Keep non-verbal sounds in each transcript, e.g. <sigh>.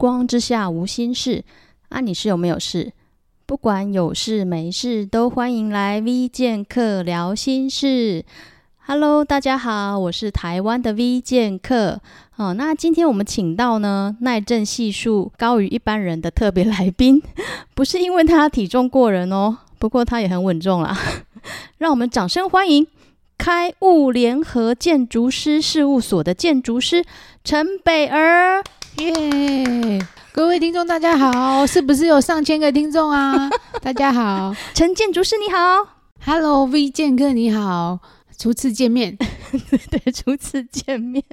光之下無心事啊，你是有沒有事？不管有事沒事，都歡迎來 V 劍客聊心事。Hello，大家好，我是台灣的 V 劍客。哦，那今天我們請到呢，耐震系數高於一般人的特別來賓， <laughs> 不是因為他體重過人哦，不過他也很穩重啦。 <laughs> 讓我們掌聲歡迎，開物聯合建築師事務所的建築師陳北兒。耶、yeah！各位聽眾，大家好，是不是有上千個聽眾啊？ <laughs> 大家好，陳建築師你好，Hello V 健哥，你好，初次見面， <laughs> 對，初次見面，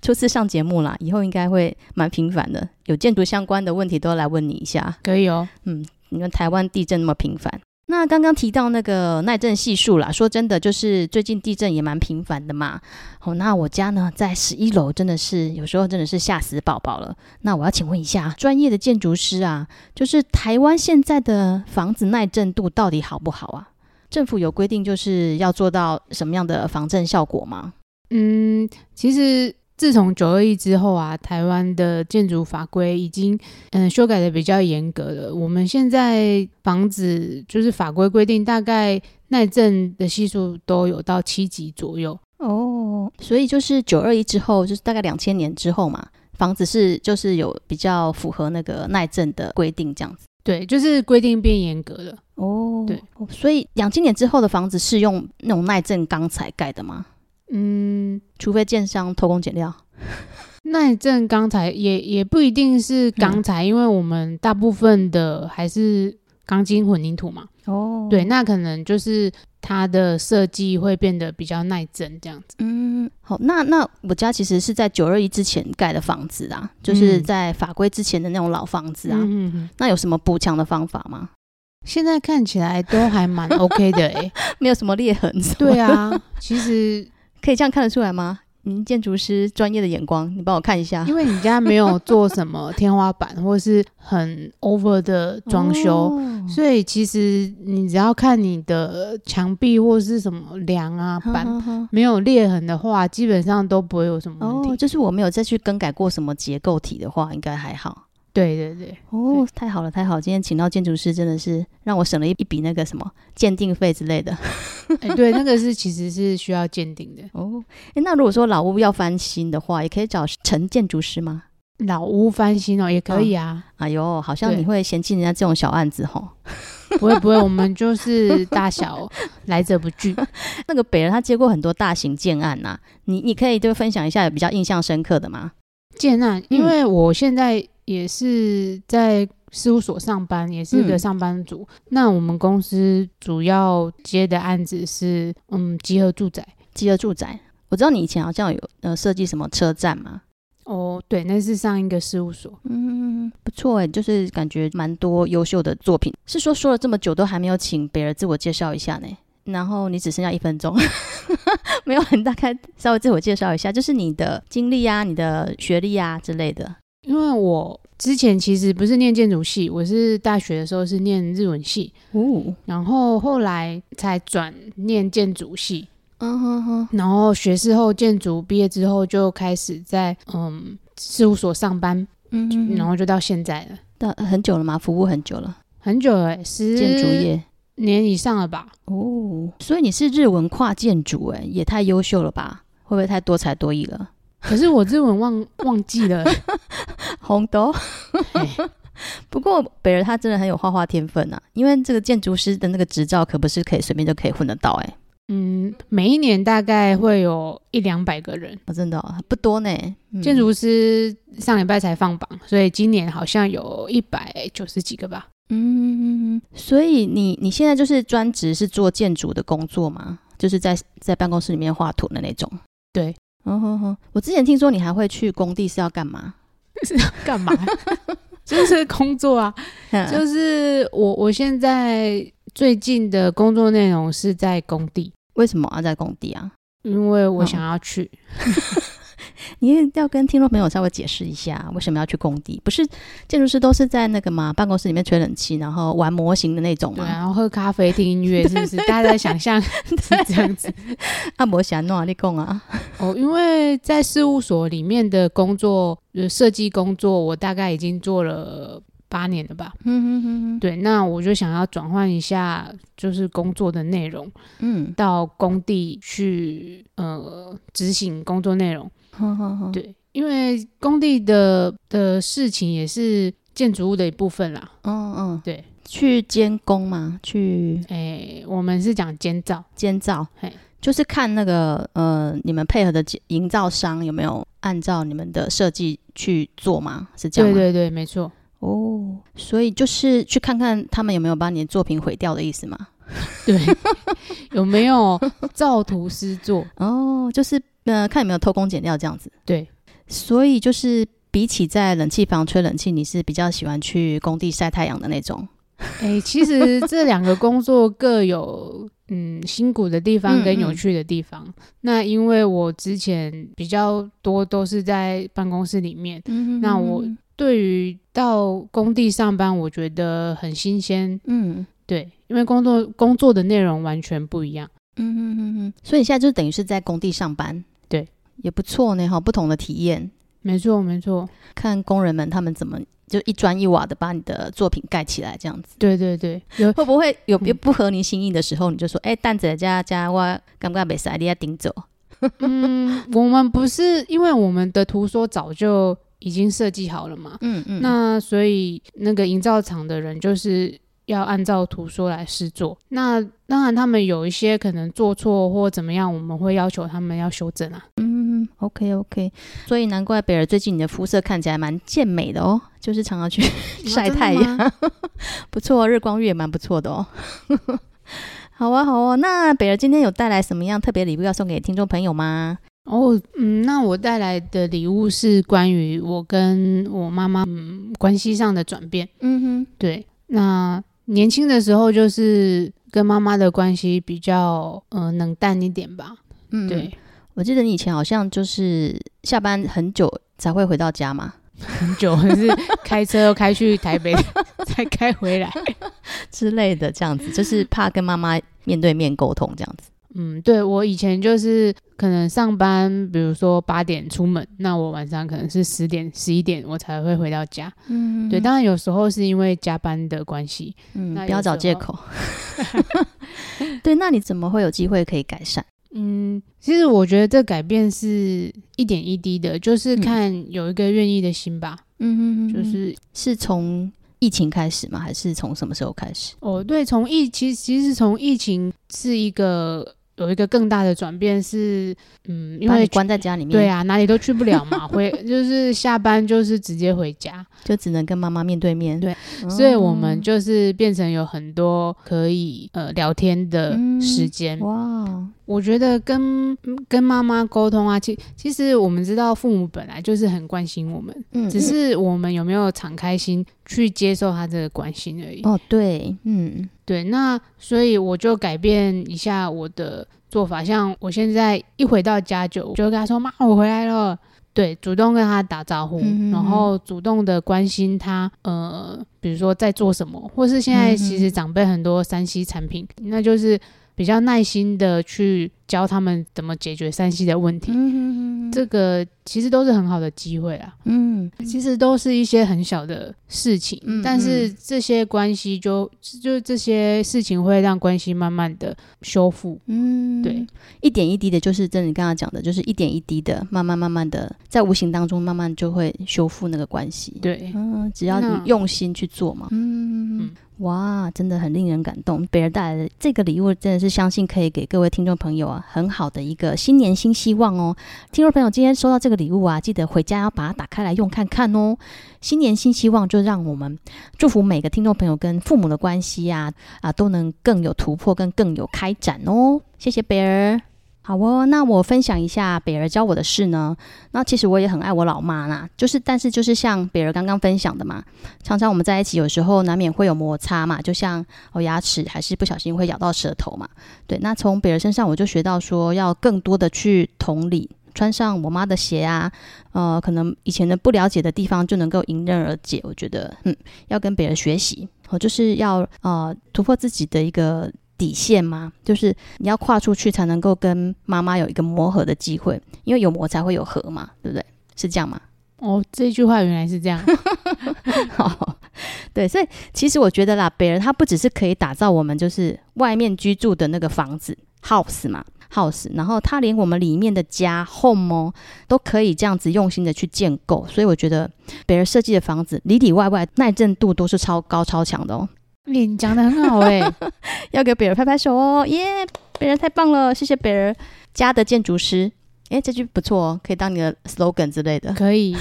初次上節目啦，以後應該會蠻頻繁的，有建築相關的問題都來問你一下，可以哦，嗯，你們台灣地震那麼頻繁。那剛剛提到那個耐震係數啦，說真的，就是最近地震也蠻頻繁的嘛。哦，那我家呢在十一樓，真的是有時候真的是嚇死寶寶了。那我要請問一下專業的建築師啊，就是台灣現在的房子耐震度到底好不好啊？政府有規定就是要做到什麼樣的防震效果嗎？嗯，其實。自從九二一之後啊，台灣的建築法規已經嗯修改的比較嚴格了。我們現在房子就是法規規定，大概耐震的系數都有到七級左右哦。Oh. 所以就是九二一之後，就是大概兩千年之後嘛，房子是就是有比較符合那個耐震的規定這樣子。對，就是規定變嚴格了哦。Oh. 對，所以兩千年之後的房子是用那種耐震鋼材蓋的嗎？嗯。除非建商偷工減料，耐震鋼材也也不一定是鋼材。嗯，因為我們大部分的還是鋼筋混凝土嘛。哦，對，那可能就是它的設計會變得比較耐震這樣子。嗯，好，那那我家其實是在九二一之前蓋的房子啊、嗯，就是在法規之前的那種老房子啊。嗯哼哼，那有什麼補強的方法嗎？現在看起來都還蠻 OK 的，欸，哎， <laughs> 沒有什麼裂痕。 <laughs> 對啊，其實。可以這樣看得出來嗎？您、嗯、建築師專業的眼光，你幫我看一下。因為你家沒有做什麼天花板， <laughs> 或是很 over 的裝修，哦，所以其實你只要看你的牆壁或是什麼樑啊板沒有裂痕的話，好好好，基本上都不會有什麼問題。哦，就是我沒有再去更改過什麼結構體的話，應該還好。對對對，哦，太好了太好了，今天請到建築師真的是讓我省了一一筆那個什麼鑑定費之類的。哎、欸，對，那個是其實是需要鑑定的。哦、欸，那如果說老屋要翻新的話，也可以找陳建築師嗎？老屋翻新哦，也可以啊，啊。哎呦，好像你會嫌棄人家這種小案子哦，不會不會， <laughs> 我們就是大小來者不拒。 <laughs> 那個北兒他接過很多大型建案吶、啊，你你可以就分享一下有比較印象深刻的嗎？建案，因為我現在、嗯。也是在事務所上班，也是一個上班族，嗯。那我們公司主要接的案子是，嗯，集合住宅，集合住宅。我知道你以前好像有呃設計什麼車站嘛？哦，對，那是上一個事務所。嗯，不錯誒，欸，就是感覺蠻多優秀的作品。是說說了這麼久都還沒有請北兒自我介紹一下呢？然後你只剩下一分鐘， <laughs> 沒有很大概稍微自我介紹一下，就是你的經歷啊、你的學歷啊之類的。因為我之前其實不是念建築系，我是大學的時候是念日文系哦，然後後來才轉念建築系，嗯哼哼，然後學士後建築畢業之後就開始在嗯事務所上班，嗯，然後就到現在了。到很久了嗎？服務很久了，很久了哎，建築業十年以上了吧？哦，所以你是日文跨建築，欸、也太優秀了吧？會不會太多才多藝了？可是我這文忘 <laughs> 忘記了， <laughs> 紅豆、 <laughs> 欸。不過北兒他真的很有畫畫天分啊，因為這個建築師的那個執照可不是可以隨便就可以混得到哎。嗯，每一年大概會有一兩百個人，哦、真的、哦、不多呢、嗯。建築師上禮拜才放榜，所以今年好像有一百九十幾個吧。嗯，所以你你現在就是專職是做建築的工作嗎？就是在在辦公室裡面畫圖的那種？對。哦、oh, oh, oh. 我之前聽說你還會去工地，是要幹嘛？是要幹嘛？ <laughs> 就是工作啊！ <laughs> 就是我我現在最近的工作內容是在工地。為什麼要在工地啊？因為我想要去。Oh. <laughs> 你要跟聽眾朋友稍微解釋一下，為什麼要去工地？不是建築師都是在那個嘛辦公室裡面吹冷氣，然後玩模型的那種嘛，然後喝咖啡、聽音樂，是不是？ <laughs> 對對對，大家在想象是這樣子。阿伯想弄阿力啊？哦，因為在事務所裡面的工作，設計工作，我大概已經做了八年了吧。嗯嗯嗯嗯。對，那我就想要轉換一下，就是工作的內容。嗯， <laughs> 到工地去呃執行工作內容。嗯嗯嗯，對，因為工地的的事情也是建築物的一部分啦。嗯嗯，對，去監工嘛，去。誒、欸，我們是講監造，監造。嘿，就是看那個呃，你們配合的營造商有沒有按照你們的設計去做嗎？是這樣嗎？對對對，沒錯。哦，所以就是去看看他們有沒有把你的作品毀掉的意思嗎？對， <laughs> 有沒有照圖施作 <laughs> 哦，就是。嗯，看有沒有偷工減料這樣子。對，所以就是比起在冷氣房吹冷氣，你是比較喜歡去工地曬太陽的那種。哎、欸，其實這兩個工作各有 <laughs> 嗯辛苦的地方跟有趣的地方嗯嗯。那因為我之前比較多都是在辦公室裡面，嗯、哼哼哼，那我對於到工地上班，我覺得很新鮮。嗯，對，因為工作工作的內容完全不一樣。嗯嗯嗯嗯，所以現在就等於是在工地上班。也不錯呢哈，不同的體驗。沒錯沒錯，看工人們他們怎麼就一磚一瓦的把你的作品蓋起來這樣子。對對對，有會不會有別、嗯、不合你心意的時候，你就說哎，蛋仔加加我，幹不被塞利亞頂走。嗯， <laughs> 我們不是因為我們的圖說早就已經設計好了嘛，嗯嗯，那所以那個營造廠的人就是，要按照圖說來試做，那當然他們有一些可能做錯或怎麼樣，我們會要求他們要修正啊。嗯，OK OK，所以難怪北兒最近你的膚色看起來蠻健美的哦，就是常常去、啊、曬太陽， <laughs> 不錯，日光浴也蠻不錯的哦。 <laughs> 好啊好啊，那北兒今天有帶來什麼樣特別禮物要送給聽眾朋友嗎？哦，嗯，那我帶來的禮物是關於我跟我媽媽、嗯、關係上的轉變。嗯哼，對，那。年輕的時候就是跟媽媽的關係比較嗯、呃、冷淡一點吧。嗯，對，我記得你以前好像就是下班很久才會回到家嘛，很久 <laughs> 就是開車開去台北才開回來 <laughs> <laughs> 之類的這樣子，就是怕跟媽媽面對面溝通這樣子。嗯，對，我以前就是可能上班，比如說八點出門，那我晚上可能是十點、十一點我才會回到家。嗯，對，當然有時候是因為加班的關係，嗯，不要找借口。 <laughs> <laughs> <laughs> 對，那你怎麼會有機會可以改善？嗯，其實我覺得這改變是一點一滴的，就是看有一個願意的心吧。嗯嗯嗯，就是是從疫情開始嗎？還是從什麼時候開始？哦，對，從疫，其實其實從疫情是一個。有一個更大的轉變是，嗯，因為關在家裡面，對啊，哪裡都去不了嘛， <laughs> 回就是下班就是直接回家， <laughs> 就只能跟媽媽面對面，對、哦，所以我們就是變成有很多可以呃聊天的時間、嗯、哇、哦。我覺得跟跟媽媽溝通啊，其實其實我們知道父母本來就是很關心我們，嗯嗯、只是我們有沒有敞開心去接受他這個關心而已。哦，對，嗯，對，那所以我就改變一下我的做法，像我現在一回到家就就跟他說媽，我回來了，對，主動跟他打招呼、嗯，然後主動的關心他，呃，比如說在做什麼，或是現在其實長輩很多 3C 產品、嗯，那就是。比較耐心的去教他們怎麼解決 3C 的問題、嗯嗯嗯，這個其實都是很好的機會啊、嗯。嗯，其實都是一些很小的事情，嗯嗯、但是這些關係就就這些事情會讓關係慢慢的修復。嗯，對，一點一滴的，就是真的你剛剛講的，就是一點一滴的，慢慢慢慢的，在無形當中慢慢就會修復那個關係。對，啊、只要你用心去做嘛。嗯。嗯嗯哇，真的很令人感動。北兒帶來的這個禮物，真的是相信可以給各位聽眾朋友啊，很好的一個新年新希望哦。聽眾朋友，今天收到這個禮物啊，記得回家要把它打開來用看看哦。新年新希望，就讓我們祝福每個聽眾朋友跟父母的關係啊啊，都能更有突破，跟更有開展哦。謝謝北兒。好哦，那我分享一下北兒教我的事呢。那其實我也很愛我老媽啦，就是但是就是像北兒剛剛分享的嘛，常常我們在一起，有時候難免會有摩擦嘛。就像我、哦、牙齒還是不小心會咬到舌頭嘛。對，那從北兒身上我就學到說要更多的去同理，穿上我媽的鞋啊，呃，可能以前的不了解的地方就能夠迎刃而解。我覺得，嗯，要跟北兒學習，我、哦、就是要呃突破自己的一個。底線嗎？就是你要跨出去才能夠跟媽媽有一個磨合的機會，因為有磨才會有合嘛，對不對？是這樣嗎？哦，這句話原來是這樣。 <laughs> <laughs> <laughs> 對，所以其實我覺得啦，北兒他不只是可以打造我們就是外面居住的那個房子 house 嘛 house，然後他連我們裡面的家 home、哦、都可以這樣子用心的去建構，所以我覺得北兒設計的房子裡裡外外耐震度都是超高超強的哦。你講得很好哎、欸， <laughs> 要給北兒拍拍手哦，耶，北兒太棒了，謝謝北兒家的建築師。哎、欸，這句不錯哦，哦可以當你的 slogan 之類的，可以。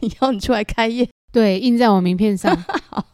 以 <laughs> 後你，你出來開業，對，印在我名片上。 <laughs> 好，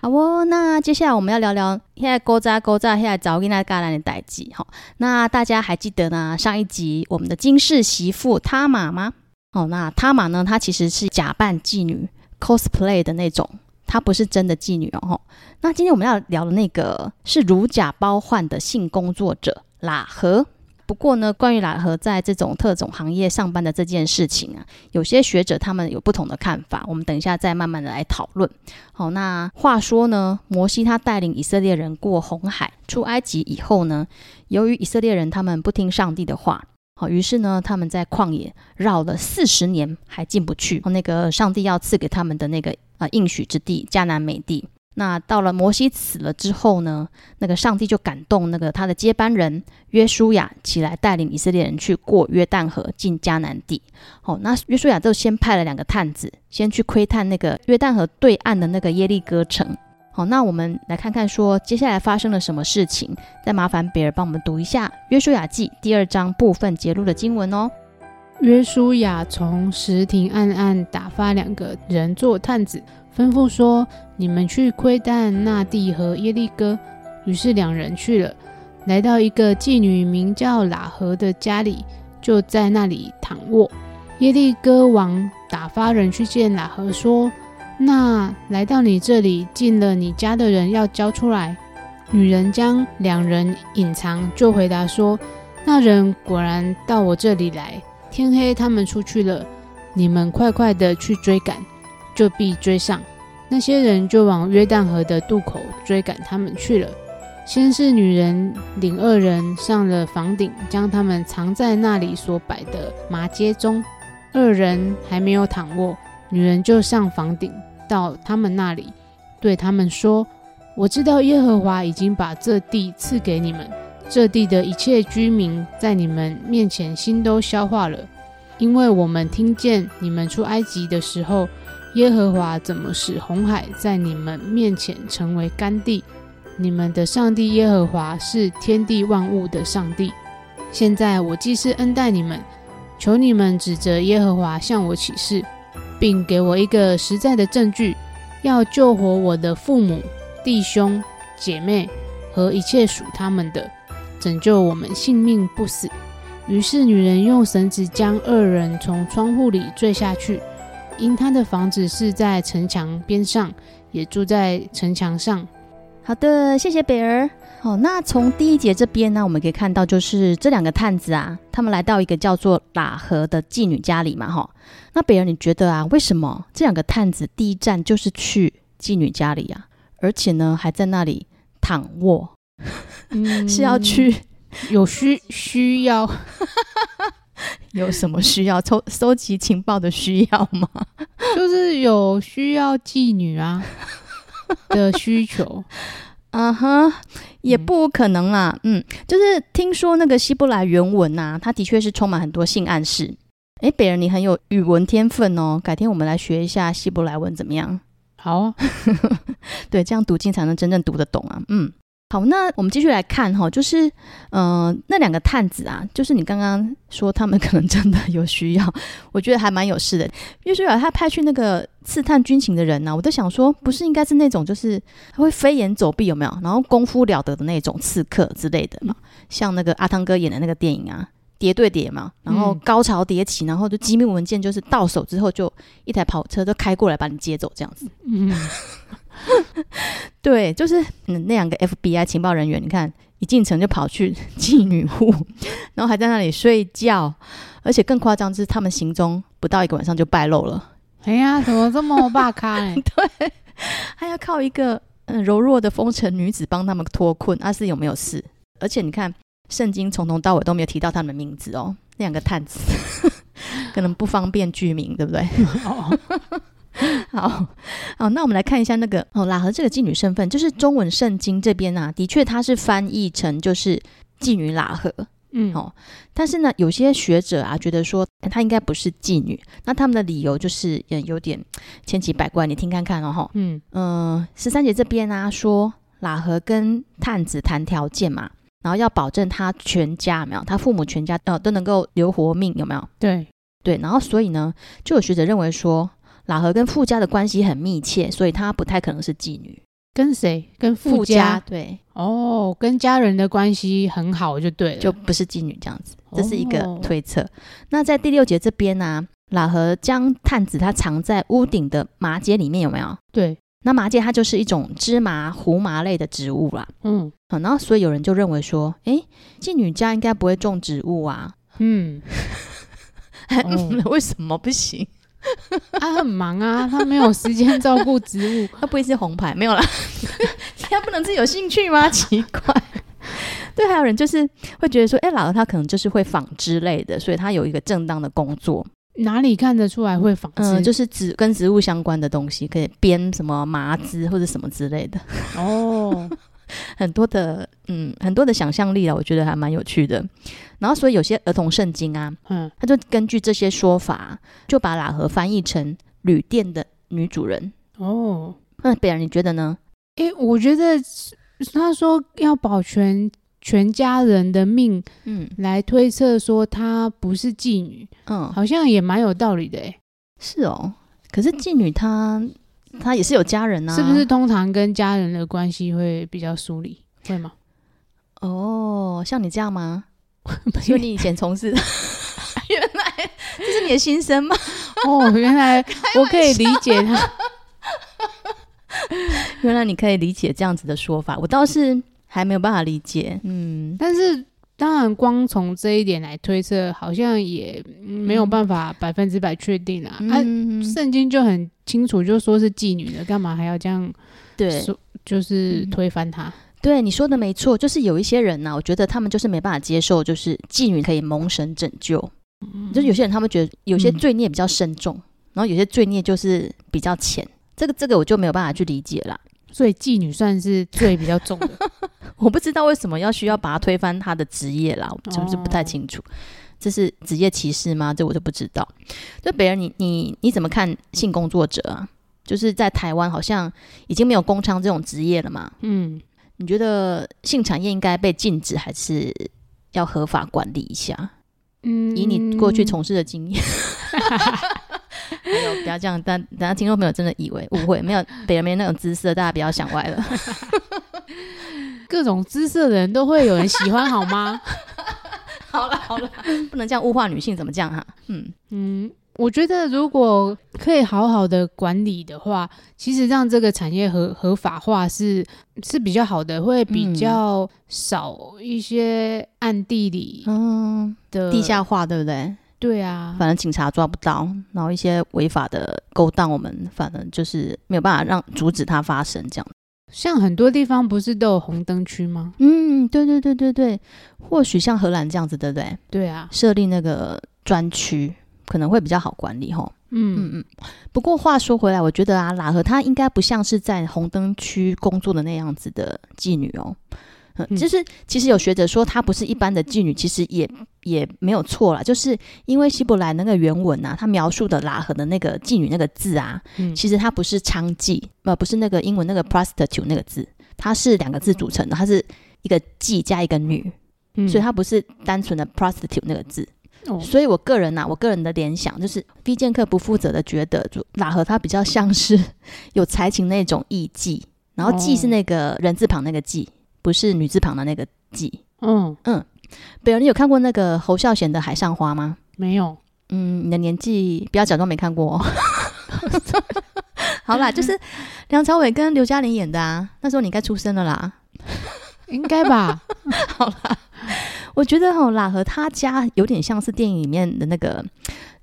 好喔、哦。那接下來我們要聊聊那些古早古早，那些女孩教我們的事。好，那大家還記得呢？上一集我們的金氏媳婦塔瑪嗎？哦，那塔瑪呢？她其實是假扮妓女 cosplay 的那種。她不是真的妓女哦，哦那今天我們要聊的那個是如假包換的性工作者喇合。不過呢，關於喇合在這種特種行業上班的這件事情啊，有些學者他們有不同的看法。我們等一下再慢慢的來討論。好、哦，那話說呢，摩西他帶領以色列人過紅海出埃及以後呢，由於以色列人他們不聽上帝的話，好、哦，於是呢他們在曠野繞了四十年還進不去那個上帝要賜給他們的那個。應許之地迦南美地。那到了摩西死了之後呢，那個上帝就感動那個他的接班人約書亞起來帶領以色列人去過約旦河進迦南地。好，那約書亞就先派了兩個探子先去窺探那個約旦河對岸的那個耶利哥城。好，那我們來看看說，接下來發生了什麼事情。再麻煩北兒幫我們讀一下約書亞記第二章部分節錄的經文哦。約書亞從石亭暗暗打發兩個人做探子，吩咐說：“你們去窺探那地和耶利哥。”於是兩人去了，來到一個妓女名叫喇合的家裡，就在那裡躺臥。耶利哥王打發人去見喇合，說：“那來到你這裡進了你家的人要交出來。”女人將兩人隱藏，就回答說：“那人果然到我這裡來。”天黑，他們出去了。你們快快的去追趕，就必追上。那些人就往約旦河的渡口追趕他們去了。先是女人領二人上了房頂，將他們藏在那裡所擺的麻秸中。二人還沒有躺臥，女人就上房頂到他們那裡，對他們說：“我知道耶和華已經把這地賜給你們。”這地的一切居民，在你們面前心都消化了，因為我們聽見你們出埃及的時候，耶和華怎麼使紅海在你們面前成為乾地。你們的上帝耶和華是天地萬物的上帝。現在我既是恩待你們，求你們指著耶和華向我起誓，並給我一個實在的證據，要救活我的父母、弟兄、姐妹和一切屬他們的。拯救我們性命不死。於是女人用繩子將二人從窗戶裡墜下去，因她的房子是在城牆邊上，也住在城牆上。好的，謝謝北兒。好、哦，那從第一節這邊呢，我們可以看到就是這兩個探子啊，他們來到一個叫做喇合的妓女家裡嘛，哈。那北兒，你覺得啊，為什麼這兩個探子第一站就是去妓女家裡啊？而且呢，還在那裡躺臥。 <laughs> 是要去、嗯、有需需要,需要 <laughs> 有什麼需要？抽收集情報的需要嗎？ <laughs> 就是有需要妓女啊的需求。啊，哈也不可能啦嗯。嗯，就是聽說那個希伯來原文吶、啊，它的確是充滿很多性暗示。哎，北兒，你很有語文天分哦。改天我們來學一下希伯來文怎麼樣？好啊。 <laughs> 對，這樣讀經才能真正讀得懂啊。嗯。好，那我們繼續來看哈、哦，就是，嗯、呃，那兩個探子啊，就是你剛剛說他們可能真的有需要，我覺得還蠻有事的。約書亞、啊、他派去那個刺探軍情的人呢，啊，我都想說，不是應該是那種就是會飛檐走壁有沒有，然後功夫了得的那種刺客之類的嘛，像那個阿湯哥演的那個電影啊。疊對疊嘛，然後高潮迭起，嗯，然後就機密文件就是到手之後，就一台跑車就開過來把你接走這樣子。嗯， <laughs> 對，就是那兩個 FBI 情報人員，你看一進城就跑去妓女戶然後還在那裡睡覺，而且更誇張的是他們行蹤不到一個晚上就敗露了。哎呀，怎麼這麼八霸？哎？ <laughs> 對，還要靠一個嗯柔弱的風塵女子幫他們脫困，阿、啊、是有沒有事？而且你看。聖經從頭到尾都沒有提到他們名字哦，那兩個探子呵呵可能不方便具名，對不對？哦哦 <laughs> 好，好，那我們來看一下那個哦，喇合這個妓女身份，就是中文聖經這邊啊。的確它是翻譯成就是妓女喇合。嗯，哦，但是呢，有些學者啊覺得說她應該不是妓女，那他們的理由就是、嗯、有點千奇百怪，你聽看看哦，嗯嗯、呃，十三節這邊呢、啊、說喇合跟探子談條件嘛。然後要保證他全家有沒有，他父母全家呃都能夠留活命有沒有？對對，然後所以呢，就有學者認為說，喇合跟父家的關係很密切，所以他不太可能是妓女。跟誰？跟父家，家？對，哦，跟家人的關係很好，就對了，就不是妓女這樣子，這是一個推測。哦哦，那在第六節這邊呢、啊，喇合將探子他藏在屋頂的麻秸裡面有沒有？對。那麻姐它就是一種芝麻、胡麻類的植物啦、啊。嗯，好，所以有人就認為說，哎，妓女家應該不會種植物啊。嗯， <laughs> 嗯哦、為什麼不行？他、啊、很忙啊， <laughs> 他沒有時間照顧植物， <laughs> 他不會是紅牌沒有啦？ <laughs> 他不能自己有興趣嗎？奇怪。 <laughs> 對，還有人就是會覺得說，哎、欸，老了，她可能就是會紡織類的，所以她有一個正當的工作。哪裡看得出來會紡織？嗯嗯。就是植跟植物相關的東西，可以編什麼麻織或者什麼之類的。哦， <laughs> 很多的嗯，很多的想象力了，啊，我覺得還蠻有趣的。然後，所以有些兒童聖經啊，嗯，他就根據這些說法，就把喇合翻譯成旅店的女主人。哦，那、嗯、北兒你覺得呢？誒、欸，我覺得他說要保全全家人的命，嗯，來推測說她不是妓女，嗯，嗯好像也蠻有道理的誒、欸。是哦，可是妓女她她，嗯，也是有家人呢、啊，是不是通常跟家人的關係會比較疏離，嗯，會嗎？哦，像你這樣嗎？因 <laughs> 為你以前從事， <laughs> 原來這是你的心聲嗎？哦，原來我可以理解他。 <laughs> 原來你可以理解這樣子的說法，嗯、我倒是，還沒有辦法理解，嗯，但是當然，光從這一點來推測，好像也沒有辦法百分之百確定啊。嗯、嗯啊、聖經就很清楚，就說是妓女的，幹嘛還要這樣？對，就是推翻它、嗯、對，你說的沒錯，就是有一些人呢、啊，我覺得他們就是沒辦法接受，就是妓女可以蒙神拯救。嗯、就是有些人，他們覺得有些罪孽比較深重，嗯、然後有些罪孽就是比較淺，這個這個我就沒有辦法去理解了。所以妓女算是罪比較重的。 <laughs> 我不知道為什麼要需要把她推翻她的職業啦，我是不是不太清楚、哦？這是職業歧視嗎？這我就不知道。就北兒，你你你怎麼看性工作者啊、嗯？就是在台灣好像已經沒有公娼這種職業了嘛？嗯，你覺得性產業應該被禁止，還是要合法管理一下？嗯，以你過去從事的經驗。 <laughs> <laughs> 沒有，不要這樣，但大家聽眾朋友真的以為誤會，沒有北兒那種姿色，大家不要想歪了。 <laughs> 各種姿色的人都會有人喜歡，好嗎？ <laughs> 好了好了，不能這樣物化女性，怎麼這樣哈、啊？嗯嗯，我覺得如果可以好好的管理的話，其實讓這個產業合合法化是是比較好的，會比較少一些暗地裡嗯的、嗯、地下化，對不對？對啊，反正警察抓不到，然後一些違法的勾當，我們反正就是沒有辦法讓阻止它發生這樣。像很多地方不是都有紅燈區嗎？嗯，對對對對對，或許像荷蘭這樣子，對不對？對啊，設立那個專區可能會比較好管理吼、哦。嗯嗯嗯。不過話說回來，我覺得啊，喇合他應該不像是在紅燈區工作的那樣子的妓女哦。其實、嗯就是，其實有學者說她不是一般的妓女，其實也也沒有錯啦。就是因為希伯來那個原文啊，他描述的喇合的那個妓女那個字啊，嗯、其實它不是娼妓，呃，不是那個英文那個 prostitute 那個字，它是兩個字組成的，它是一個妓加一個女，嗯、所以它不是單純的 prostitute 那個字。嗯、所以，我個人吶、啊，我個人的聯想就是，飛劍客不負責的覺得，就喇合他比較像是有才情那種藝妓，然後妓是那個人字旁那個妓。哦不是女字旁的那個季。嗯嗯，北兒，你有看過那個侯孝賢的《海上花》嗎？沒有。嗯，你的年紀不要假裝沒看過哦。 <laughs> <laughs> 好啦，就是梁朝偉跟劉嘉玲演的啊。那時候你該出生了啦， <laughs> 應該該吧？ <laughs> 好了啦笑，我覺得喇合他家有點像是電影裡面的那個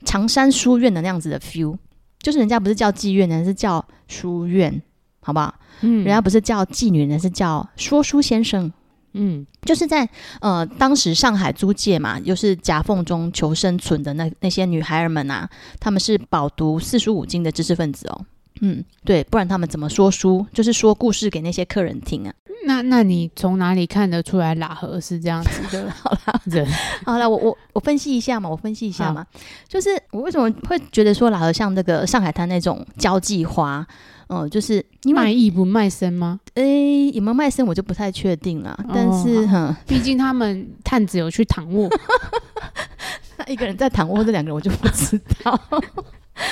長山書院的那樣子的 feel，就是人家不是叫妓院，而是叫書院。好不好？嗯，人家不是叫妓女，人家是叫說書先生。嗯，就是在呃，當時上海租界嘛，又是夾縫中求生存的那那些女孩兒們啊，他們是飽讀四書五經的知識分子哦。嗯，對，不然他們怎麼說書？就是說故事給那些客人聽啊。那那你從哪裡看得出來喇合是這樣子的 <laughs> 好人啦？ <laughs> 好了，我我我分析一下嘛，我分析一下嘛，就是我為什麼會覺得說喇合像那個上海灘那種交際花？哦、嗯，就是你賣藝不賣身嗎？誒、欸，有沒有賣身我就不太確定了、啊。但是、哦嗯，畢竟他們探子有去躺臥， <laughs> 那 <laughs> 一個人在躺臥， <laughs> 這兩個人我就不知道。 <laughs> <laughs>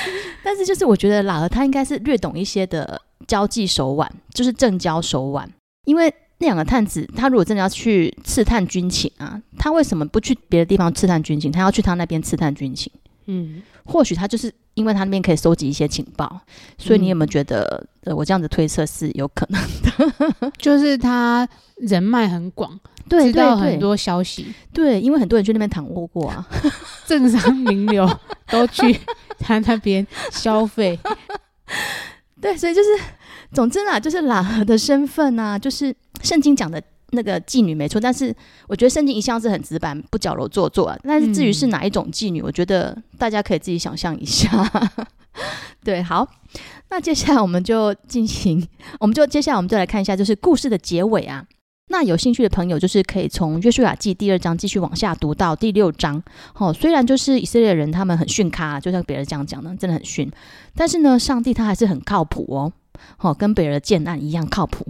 但是，就是我覺得喇合，他應該是略懂一些的交際手腕，就是正交手腕。因為那兩個探子，他如果真的要去刺探軍情啊，他為什麼不去別的地方刺探軍情？他要去他那邊刺探軍情。嗯，或許他就是因為他那邊可以收集一些情報，所以你有沒有覺得，嗯、呃，我這樣子推測是有可能的？就是他人脈很廣，對，知道很多消息對對。對，因為很多人去那邊躺臥過，過啊， <laughs> 政商名流都去他那邊消費。 <laughs> 對，所以就是，總之啦、就是、啊，就是喇合的身份啊，就是聖經講的。那個妓女，沒錯，但是我覺得聖經一向是很直白，不矯揉做作、作，啊。但是至於是哪一種妓女，嗯，我覺得大家可以自己想象一下。 <laughs> 對，好，那接下來我們就進行，我們就接下來我們就來看一下，就是故事的結尾啊。那有興趣的朋友，就是可以從《約書亞記》第二章繼續往下讀到第六章。好，哦，雖然就是以色列人他們很遜咖，就像別人這樣講的，真的很遜。但是呢，上帝他還是很靠譜哦。好，哦，跟北兒的建案一樣靠譜。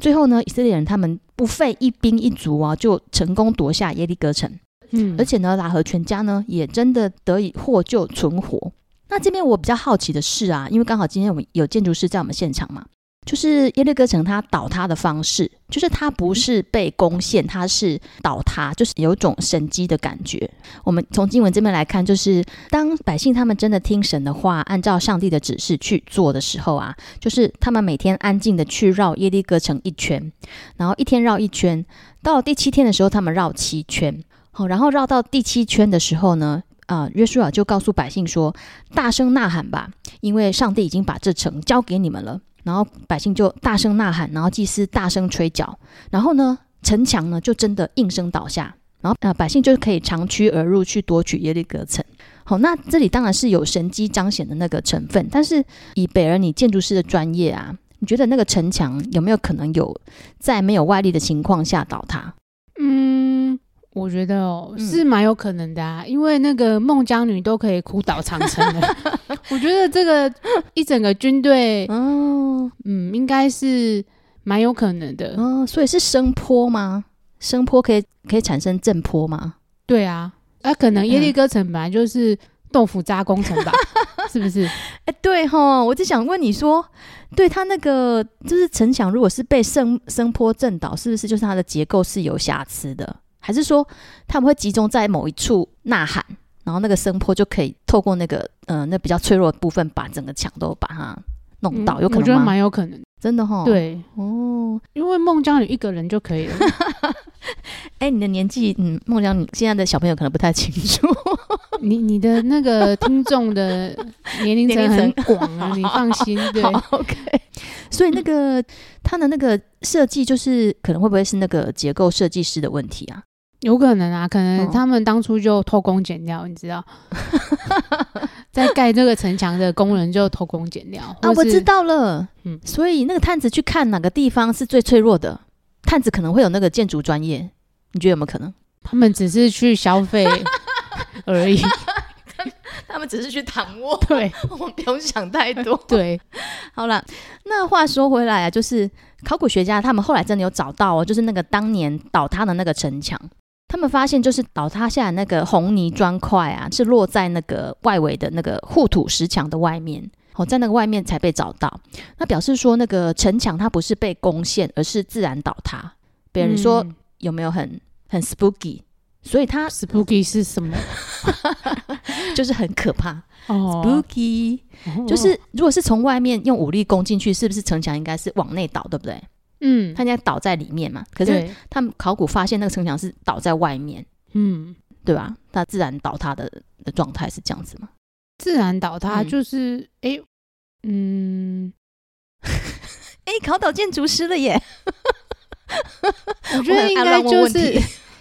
最後呢，以色列人他們不費一兵一卒啊，就成功奪下耶利哥城。嗯，而且呢，喇合全家呢也真的得以獲救存活。那這邊我比較好奇的是啊，因為剛好今天我們有建築師在我們現場嘛。就是耶利哥城，它倒塌的方式，就是它不是被攻陷，它是倒塌，就是有種神蹟的感覺。我們從經文這邊來看，就是當百姓他們真的聽神的話，按照上帝的指示去做的時候啊，就是他們每天安靜的去繞耶利哥城一圈，然後一天繞一圈，到了第七天的時候，他們繞七圈，好，然後繞到第七圈的時候呢，啊，約書亞就告訴百姓說：“大聲吶喊吧，因為上帝已經把這城交給你們了。”然後百姓就大聲吶喊，然後祭司大聲吹角，然後呢城牆呢就真的應聲倒下，然後啊、呃、百姓就可以長驅而入去奪取耶利哥城。好、哦，那這裡當然是有神蹟彰顯的那個成分，但是以北兒你建築師的專業啊，你覺得那個城牆有沒有可能有在沒有外力的情況下倒塌？嗯。我覺得哦，是蠻有可能的啊，嗯、因為那個孟姜女都可以哭倒長城了。 <laughs> 我覺得這個一整個軍隊，嗯、哦、嗯，應該是蠻有可能的。嗯、哦，所以是聲波嗎？聲波可以可以產生震波嗎？對啊，那、啊、可能耶利哥城本來就是豆腐渣工程吧？嗯、 <laughs> 是不是？哎、欸，對哈，我就想問你說，對他那個就是城牆，如果是被聲聲波震倒，是不是就是它的結構是有瑕疵的？還是說他們會集中在某一處吶喊，然後那個聲波就可以透過那個嗯、呃、那比較脆弱的部分，把整個牆都把它弄倒？嗯、有可能嗎？我覺得蠻有可能的，真的哈、哦。對哦，因為孟姜女一個人就可以了。哎、 <laughs> 欸，你的年紀嗯，孟姜女現在的小朋友可能不太清楚。 <laughs> 你你的那個聽眾的年齡層很、啊、 <laughs> 很廣啊，你放心。對 OK，所以那個它、嗯、的那個設計就是可能會不會是那個結構設計師的問題啊？有可能啊，可能他們當初就偷工減料、嗯，你知道， <laughs> <laughs> 在蓋這個城牆的工人就偷工減料。啊我，我知道了，嗯，所以那個探子去看哪個地方是最脆弱的，探子可能會有那個建築專業，你覺得有沒有可能？他們只是去消費而已， <laughs> <laughs> 他們只是去躺臥。對，我們不用想太多。 <laughs> 對， <laughs> 好了，那話說回來啊，就是考古學家他們後來真的有找到哦，就是那個當年倒塌的那個城牆。他們發現，就是倒塌下來那個紅泥磚塊啊，是落在那個外圍的那個護土石牆的外面，哦，在那個外面才被找到。那表示說，那個城牆它不是被攻陷，而是自然倒塌。別人說有沒有很很 spooky？所以它 spooky、嗯嗯、是什麼？ <laughs> 就是很可怕。哦、oh. spooky、oh. 就是，如果是從外面用武力攻進去，是不是城牆應該是往內倒，對不對？嗯，它現在倒在裡面嘛。可是他們考古發現那個城牆是倒在外面，嗯，對吧？啊，它自然倒塌的的狀態是這樣子嗎？自然倒塌就是，哎、嗯欸，嗯，哎、 <laughs> 欸，考倒建築師了耶！ <laughs> 我覺得應該就是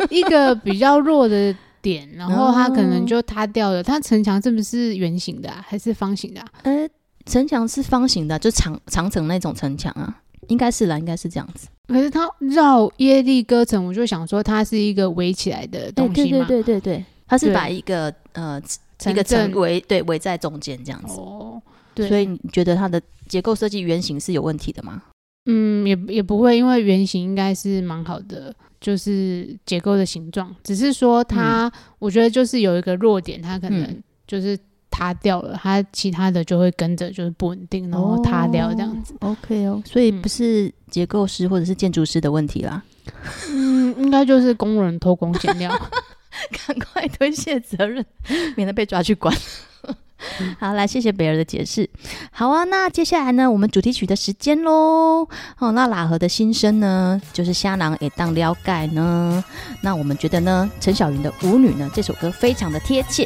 一個比較弱的點，問問 <laughs> 然後它可能就塌掉了。它城牆是不是圓形的、啊、還是方形的、啊？呃，城牆是方形的，就長長城那種城牆啊。應該是啦，應該是這樣子。可是它繞耶利哥城，我就想說它是一個圍起來的東西嘛。對對對對，對，對它是把一個呃一個城圍對圍在中間這樣子。哦，對。所以你覺得它的結構設計圓形是有問題的嗎？嗯，也也不會，因為圓形應該是蠻好的，就是結構的形狀。只是說它、嗯，我覺得就是有一個弱點，它可能就是。塌掉了，他其他的就會跟着就是不穩定，然後塌掉這樣子。Oh, OK 哦、okay.，所以不是結構師或者是建築師的問題啦，嗯，應該就是工人偷工減料，趕 <laughs> 快推卸責任，免得被抓去關、 <laughs> <laughs> 嗯、好，來謝謝北兒的解釋。好啊，那接下來呢，我們主題曲的時間嘍。哦，那喇合的心聲呢，就是《香囊也當了解》呢。那我們覺得呢，陳小雲的舞女呢，這首歌非常的貼切。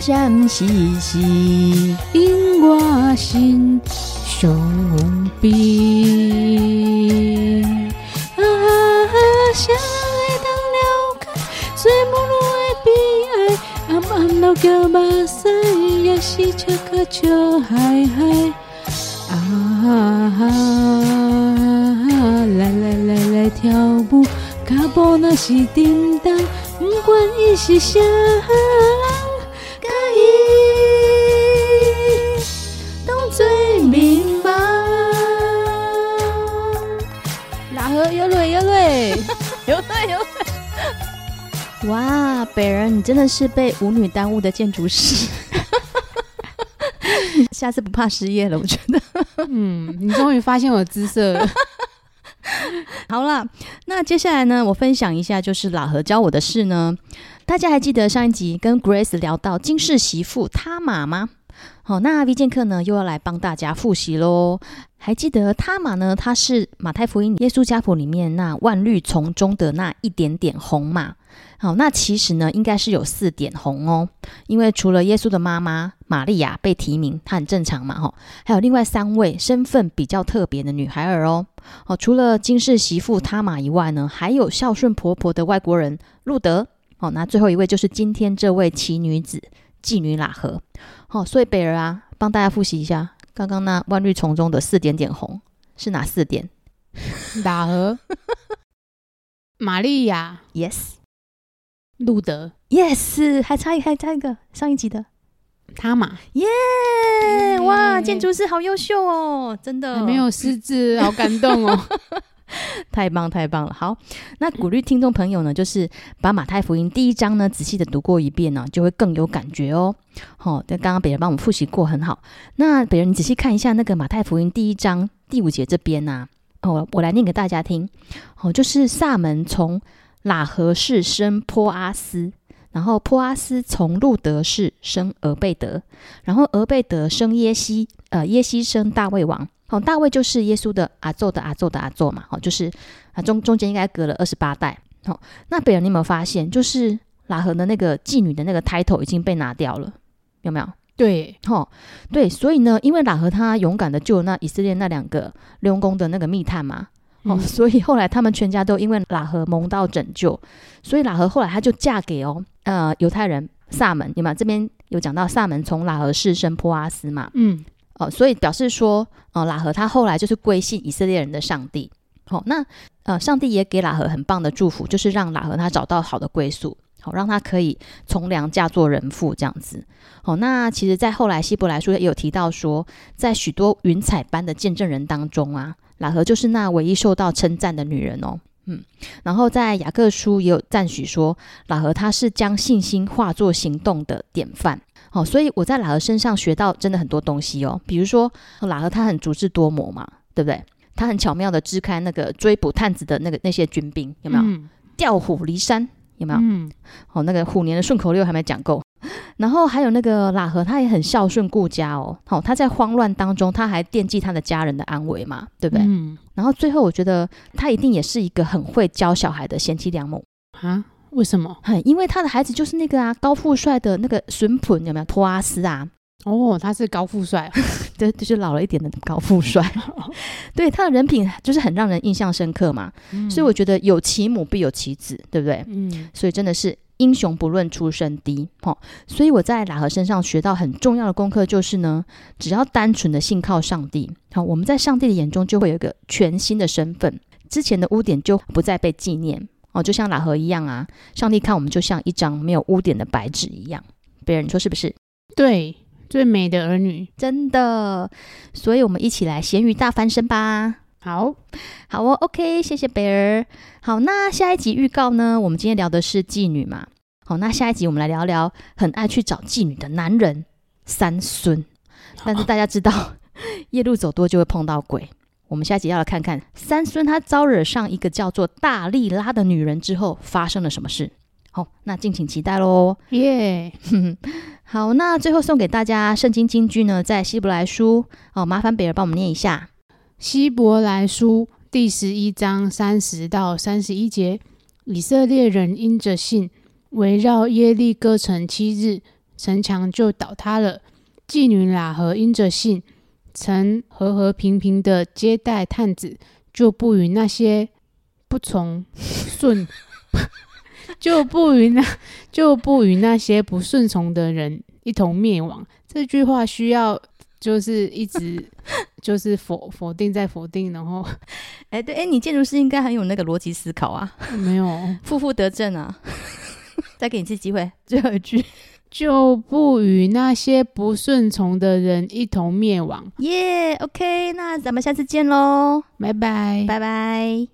暫時是引我心傷悲。啊啊啊！誰會當了解做舞女的悲哀？暗暗流交眼淚，也是擦乾就海海。啊啊啊，啊！來來來來跳舞，腳步若是沉重，不管伊是啥。有累有累，有對有對，哇，北兒，你真的是被舞女耽誤的建築師， <laughs> 下次不怕失業了，我覺得。嗯，你終於發現我姿色了。 <laughs> 好了，那接下來呢？我分享一下，就是喇合教我的事呢。大家還記得上一集跟 Grace 聊到金氏媳婦他瑪嗎？好、哦，那 V 健課呢又要來幫大家複習嘍。還記得他瑪呢？他是馬太福音耶穌家譜裡面那萬綠叢中的那一點點紅嘛？好、哦，那其實呢應該是有四點紅哦，因為除了耶穌的媽媽瑪利亞被提名，她很正常嘛，哈。還有另外三位身份比較特別的女孩兒哦。哦，除了金氏媳婦他瑪以外呢，還有孝順婆婆的外國人路德。哦，那最後一位就是今天這位奇女子妓女喇合。好、哦，所以北兒啊，幫大家復習一下剛剛那萬綠叢中的四點點紅是哪四點？喇合？瑪麗亞？Yes。路德？Yes。還差一還差一個上一集的。他馬 y e 哇，yeah. 建築師好優秀哦，真的沒有獅子， <laughs> 好感動哦。 <laughs> 太棒太棒了！好，那鼓勵聽眾朋友呢，就是把馬太福音第一章呢仔細的讀過一遍呢、啊，就會更有感覺哦。好、哦，那剛剛北兒幫我們複習過，很好。那北兒你仔細看一下那個馬太福音第一章第五節這邊吶、啊，哦，我來念給大家聽。哦，就是撒門從喇合氏生波阿斯，然後波阿斯從路得氏生俄貝德，然後俄貝德生耶西，呃，耶西生大衛王。哦，大衛就是耶穌的阿祖的阿祖的阿祖嘛，哦，就是啊中中間應該隔了二十八代。好、哦，那北兒你有沒有發現，就是喇合的那個妓女的那個 title 已經被拿掉了，有沒有？對，哈、哦，對，所以呢，因為喇合他勇敢的救了那以色列那兩個傭工的那個密探嘛，哦、嗯，所以後來他們全家都因為喇合蒙到拯救，所以喇合後來他就嫁給哦，呃，猶太人撒門，有嗎？這邊有講到撒門從喇合氏生波阿斯嘛？嗯。哦，所以表示說，哦，喇合他後來就是歸信以色列人的上帝。好、哦，那呃，上帝也給喇合很棒的祝福，就是讓喇合他找到好的歸宿，好、哦、讓他可以從良嫁做人婦這樣子。好、哦，那其實，在後來希伯來書也有提到說，在許多雲彩般的見證人當中啊，喇合就是那唯一受到稱讚的女人哦。嗯，然後在雅各書也有讚許說，喇合她是將信心化作行動的典範。哦，所以我在喇合身上學到真的很多東西哦，比如說喇合他很足智多謀嘛，對不對？他很巧妙的支開那個追捕探子的那個那些軍兵，有沒有？嗯、調虎離山，有沒有？嗯。哦、那個虎年的順口溜還沒講夠，然後還有那個喇合他也很孝順顧家哦，哦。他在慌亂當中他還惦記他的家人的安危嘛，對不對？嗯、然後最後我覺得他一定也是一個很會教小孩的賢妻良母啊。為什麼？因為他的孩子就是那個啊，高富帥的那個孫普有沒有托阿斯啊？哦，他是高富帥、啊， <laughs> 對，就是老了一點的高富帥。 <laughs> 對，他的人品就是很讓人印象深刻嘛、嗯，所以我覺得有其母必有其子，對不對？嗯，所以真的是英雄不論出身低。所以我在喇合身上學到很重要的功課就是呢，只要單純的信靠上帝，好，我們在上帝的眼中就會有一個全新的身份，之前的污點就不再被紀念。哦，就像喇合一樣啊！上帝看我們就像一張沒有污點的白紙一樣。北兒，你說是不是？對，最美的兒女，真的。所以，我們一起來鹹魚大翻身吧！好好哦，OK，謝謝北兒。好，那下一集預告呢？我們今天聊的是妓女嘛。好，那下一集我們來聊聊很愛去找妓女的男人三孫。但是大家知道，啊、 <laughs> 夜路走多就會碰到鬼。我們下集要來看看三孫他招惹上一個叫做大利拉的女人之後發生了什麼事。好、oh,，那敬請期待嘍。耶、yeah. <laughs> 好，那最後送給大家聖經金句呢，在希伯來書。好、oh,，麻煩北兒幫我們念一下《希伯來書》第十一章三十到三十一節：以色列人因着信，圍繞耶利哥城七日，城牆就倒塌了。妓女喇合因着信，曾和和平平的接待探子，就不與那些不從順， <laughs> <laughs> 就不與那就不與那些不順從的人一同滅亡。這句話需要就是一直就是否 <laughs> 否定再否定，然後哎、欸、對哎、欸，你建築師應該很有那個邏輯思考啊，沒有負負得正啊。 <laughs> 再給你一次機會，最後一句。就不與那些不順從的人一同滅亡。耶，yeah，OK，那咱們下次見嘍，拜拜，拜拜。